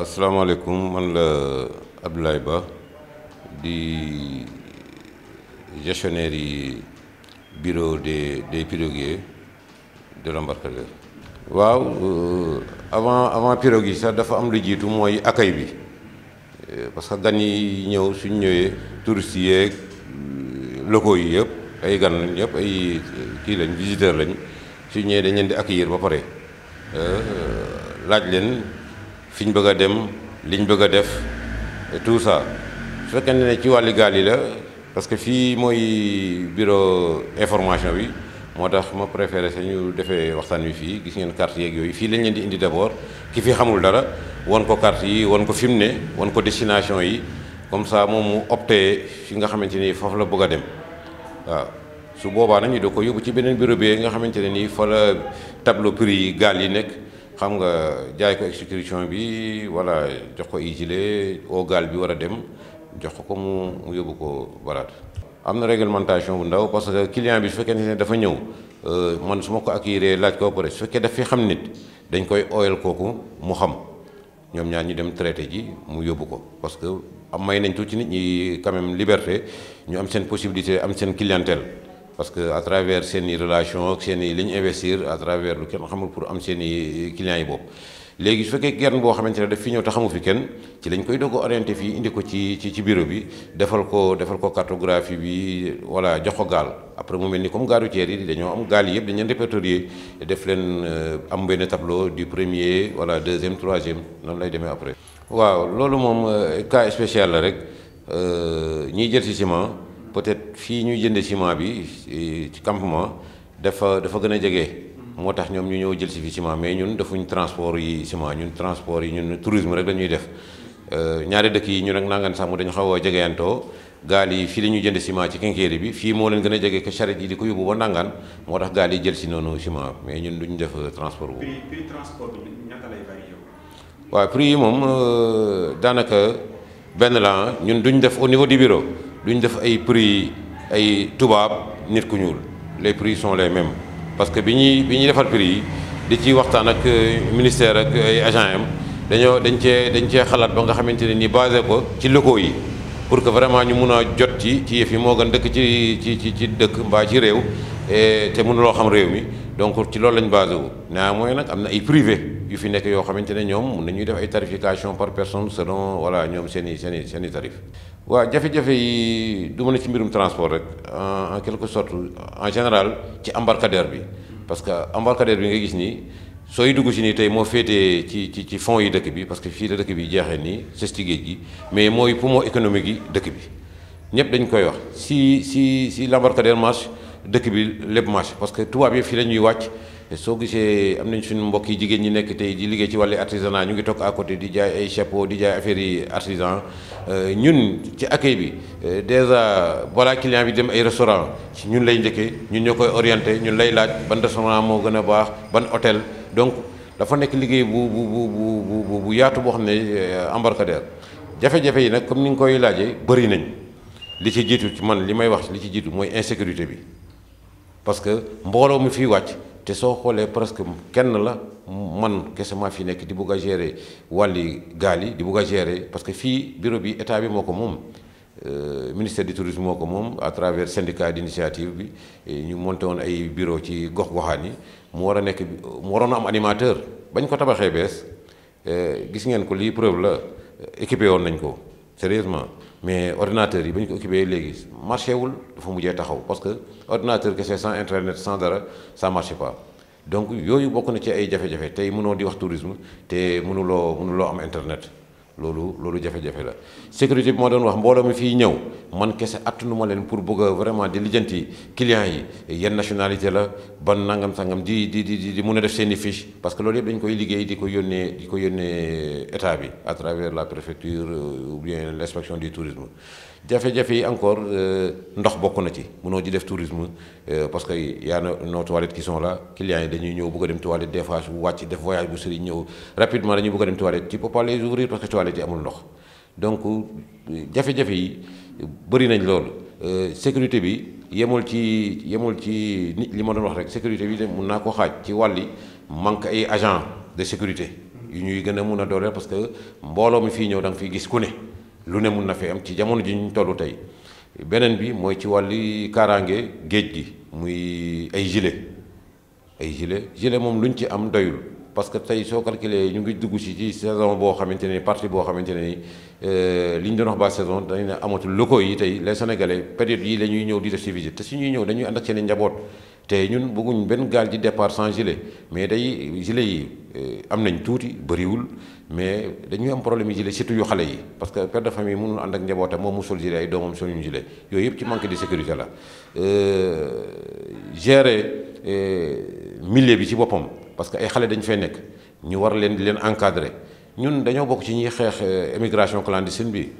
waaw asalaamaaleykum man la Abdoulaye Ba di gestionnaire yi bureau de des piroguiers de l'embarcadère waaw euh, avant avant pirogue yi sax dafa am lu jiitu mooy accueil bi euh, parce que gan yi ñëw suñ ñëwee touristes yi yeeg euh, locaux yi yëpp ay gan lañ yëpp ay kii lañ visiteurs lañ suñ ñëwee dañ leen di accueillir ba pare laaj leen fi ñu bëgg a dem liñ bëgg a def et tout ça su fekkee ne ci wàllu gaal yi la parce que fii mooy bureau information bi moo tax ma préféré sañu defee waxtaan wi fii gis ngeen carte yeeg yooyu fii lañ leen di indi d'abord ki fi xamul dara wan ko carte yi wan ko fi mu ne wan ko destination yi comme ça moom mu opté fi nga xamante ni foofu la bëgg a dem waaw su boobaa nag ñu doo ko yóbbu ci beneen bureau bi nga xamante ne nii fa la tableau prix yi gaal yi nekk. xam nga jaay ko exécution bi wala jox ko ay gilet bi war a dem jox ko ko mu mu yóbbu ko baraat am na réglementation bu ndaw parce que client bi su fekkee ne dafa ñëw euh, man su ma ko accueillir laaj ko pare su fekkee daf fi xam nit dañ koy ooyal kooku mu xam ñoom ñaar ñu dem traité ji mu yóbbu ko parce que am may nañ tuuti nit ñi quand même liberté ñu am seen possibilité am seen clientèle parce que à seeni seen i relation i li ñu investir à travers lu kenn xamul pour am seen i clients yi bopp léegi su fekkee kenn boo xamante ne daf fi ñoo te xamu fi kenn ci lañ koy doog a orienté fii indi ko ci ci ci bureau bi defal ko defal ko cartographie bi voilà jox ko gaal après mu mel ni comme gaaru ceer yi dañoo am gaal yi yëpp dañ leen répertorier def leen euh, am benn tableau du premier voilà deuxième troisième noonu lay demee après. waaw loolu moom euh, cas spécial la rek euh, ñiy jël si ciment. peut-être fii ñuy jënde ciment bi ci campement dafa dafa gën a jege. moo tax ñoom ñu ñëw jël si fi ciment mais ñun defuñ transport yi ciment ñun transport yi ñun tourisme rek lañuy def euh, ñaari dëkk yi ñu nag nangan sax mu dañu xaw a jegeyantoo gaal yi fii la ñuy jënd ciment ci Kinkeri bi fii moo leen gën a jege que charrette yi di ko yóbbu ba nangaan moo tax gaal yi jël si noonu ciment mais ñun duñ def euh, transport boobu. prix prix yi moom euh, daanaka benn la ñun duñ def au niveau du bureau. ñu def ay prix ay tubaab nit ku ñuul les prix son les mêmes parce que bi ñuy bi ñuy defar prix yi di ci waxtaan ak euh, ministère ak ay agents am dañoo dañ cee dañ cee xalaat ba nga xamante ne ni basé ko ci locaux yi pour que vraiment ñu mun a jot ci ci yëf yi moo gën dëkk ci ci ci ci dëkk mbaa ci réew te mënuloo xam réew mi donc ci loolu lañ basé wu naa mooy nag am na ay privé yu fi nekk yoo xamante ne ñoom mun ñuy def ay tarification par personne selon voilà ñoom seen i seen i seen i waaw jafe-jafe yi du ma ne ci mbirum transport rek en quelque sorte en général ci embarcadère bi parce que embarcadère bi nga gis nii sooy dugg si nii tey moo féetee ci ci ci fonds yi dëkk bi parce que fii la dëkk bi jeexee nii sës ci géej gi mais mooy poumon économique yi dëkk bi ñëpp dañ koy wax si si si l'embarcadère marche dëkk bi lépp marche parce que tubaab yi fii la ñuy wàcc te soo gisee am nañ suñu mbokk yi jigéen ñi nekk tey di liggéey ci wàllu artisanat ñu ngi toog à côté di jaay ay chapeau di jaay affaire yi artisan euh, ñun ci accueil bi euh, déjà balaa client bi dem ay restaurant ci ñun lay njëkkee ñun ñoo koy orienté ñun lay laaj ban restaurant moo gën a baax ban hôtel donc dafa nekk liggéey bu bu bu bu bu yaatu boo xam ne euh, embarcadère jafe-jafe yi nag comme ni nga koy laajee bëri nañ li ci jiitu ci man li may wax li ci jiitu mooy insécurité bi parce que mbooloo mi fiy wàcc. te soo xoolee presque kenn la man kese maa fi nekk di bugg a gérer wàlli gaal di bugg a gérer parce que fii bureau bi état bi moo ko moom euh, ministère du tourisme moo ko moom à travers syndicat d'initiative bi ñu monté woon ay bureau ci gox-goxaan yi mu war a nekk mu waroon a am animateur bañ ko tabaxee bees euh, gis ngeen ko lii preuve la équipé woon nañ ko sérieusement mais ordinateur yi ba ñu ko occupé léegi marché wul dafa mujjee taxaw parce que ordinateur kese sans internet sans dara ça marche pas donc yooyu bokk na ci ay jafe-jafe tey mënoo di wax tourisme te mënuloo mënuloo am internet loolu loolu jafe-jafe la sécurité bi moo doon wax mbooloo mi fii ñëw man kese attanu ma leen pour bëgg vraiment di lijjanti clients yi yan nationalité la ban nangam sangam di di di di mun a def seen i fiche parce que loolu yëpp dañ koy liggéey di ko yónnee di ko yónnee état bi à la préfecture euh, ou bien l' inspection du tourisme jafe-jafe yi encore euh, ndox bokk na ci munoo di def tourisme euh, parce que yaa na nos toilettes qui sont là clients yi dañuy ñëw bëgg dem toilette des def voyage bu sëriñ ñëw rapidement dañuy bëgg a dem toilette tu peux pas les toilette yi amul ndox donc jafe-jafe yi bëri nañ loolu euh, sécurité bi yemul ci yemul ci nit li ma doon wax rek sécurité bi de mun naa ko xaaj ci wàlli manque ay agent de sécurité yu ñuy gën a mun a dooleel parce que mbooloo mi fii ñëw da nga fiy gis ku ne lu ne mun na fi am ci jamono ji ñu toll tey beneen bi mooy ci wàlli kaaraange géej gi muy ay gilet ay gilet gilet moom luñ ci am doyul parce que tey soo calculé ñu ngi dugg si ci saison boo xamante ne partie boo xamante ne li ñu doon wax ba saison dañ ne amatul locaux yi tey les sénégalais période yi la ñuy ñëw di def si visite te su ñuy ñëw dañuy ànd ak seen njaboot te ñun bëgguñ benn gaal ji départ sans gilet mais day gilet yi euh, am nañu tuuti bëriwul mais dañuy am problème yi gilet surtout yu xale yi parce que per de famille mënul ànd ak njabootam moom mu sol gilet ay doomam soluñu gilet yooyu yëpp ci la euh, gérer euh, bi ci boppam. parce que ay xale dañu fee nekk ñu war leen di leen encadrer ñun dañoo bokk ci ñuy xeex émigration euh, clandestine bi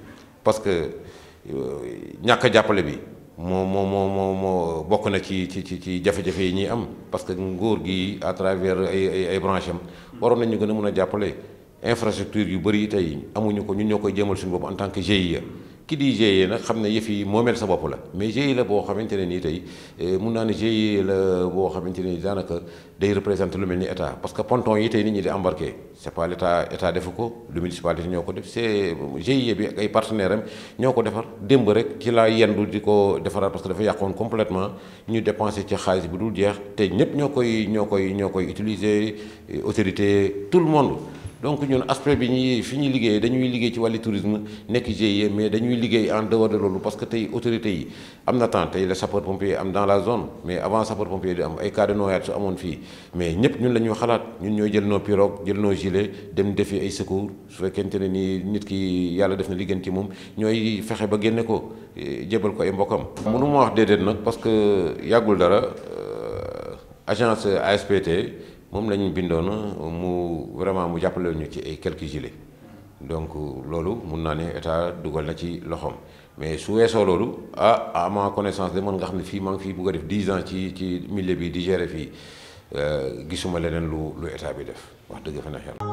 parce que euh, ñàkk jàppale bi moo moo moo moo moo bokk na ci ci ci ci jafe-jafe yi ñuy am parce que nguur gi à travers ay ay branche am waroon nañu gën a mun a jàppale infrastructure yu bëri tey amuñu ko ñun ñoo koy jëmal suñu bopp en tant que GIE ki di GIE nag xam ne yëf yi moomeel sa bopp la mais GIE la boo xamante ne nii tey eh, mun naa ne GIE la boo xamante ne daanaka day représenté lu mel ni état parce que ponton yi tey nit ñi di embarqué c' est pas l' état état defu ñoo ko def c' est e bi ay partenaire am ñoo ko defar démb rek ci laa yendu di ko defaraat parce que dafa yàqoon complètement ñu dépensé ci xaalis bi dul jeex te ñëpp ñoo koy ñoo koy ñoo koy utiliser eh, autorité tout le monde donc ñun aspect bi ñuy fi ñuy liggéeyee dañuy liggéey ci wàlli tourisme nekk GIE mais dañuy liggéey en dehors de loolu parce que tey autorité yi am na temps tey la sapeur pompier am dans la zone mais avant sapeur pompier di am ay cas de su amoon fii mais ñëpp ñun la ñuy xalaat ñun ñoo jël nos pirogues jël nos gilets dem defi ay secours su fekkente ne nii nit ki yàlla def na li ci moom ñooy fexe ba génne ko eh, jébal ko ay mbokkam. mënu ma wax déedéet nag parce que yàggul dara euh, agence ASPT. moom la ñu bindoon mu vraiment mu jàppale ñu ci ay quelques gilets donc loolu mun naa ne état dugal na ci loxoom mais su weesoo loolu ah à ma connaissance de moon nga xam ne fii maa ngi fii bëgg a def dix ans ci ci milieu bi di gérer fii euh, gisuma leneen lu lu état bi def wax dëgg fa neex yàlla